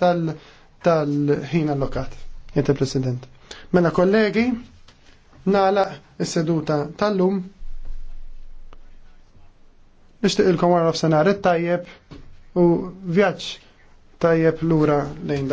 tal-ħin allokat, jente President. Mela kollegi, nala is-seduta tal-lum. Nishtiq ilkom għarraf senar tajjeb u vjaġġ tajjeb lura lejn